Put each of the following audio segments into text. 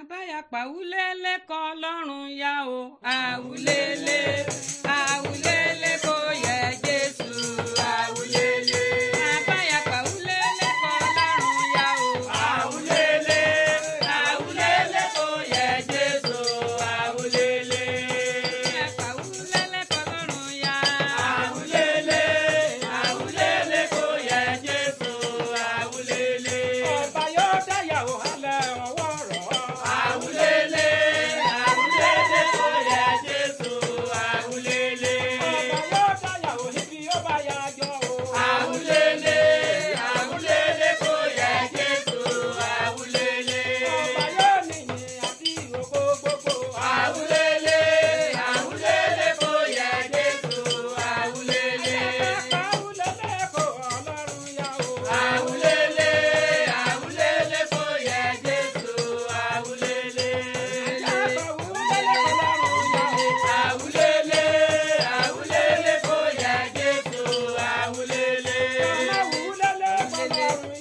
àbáyàpá awúlélé kọ́ lọ́rùn yá o àwúlélé àwúlélé.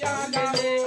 आगे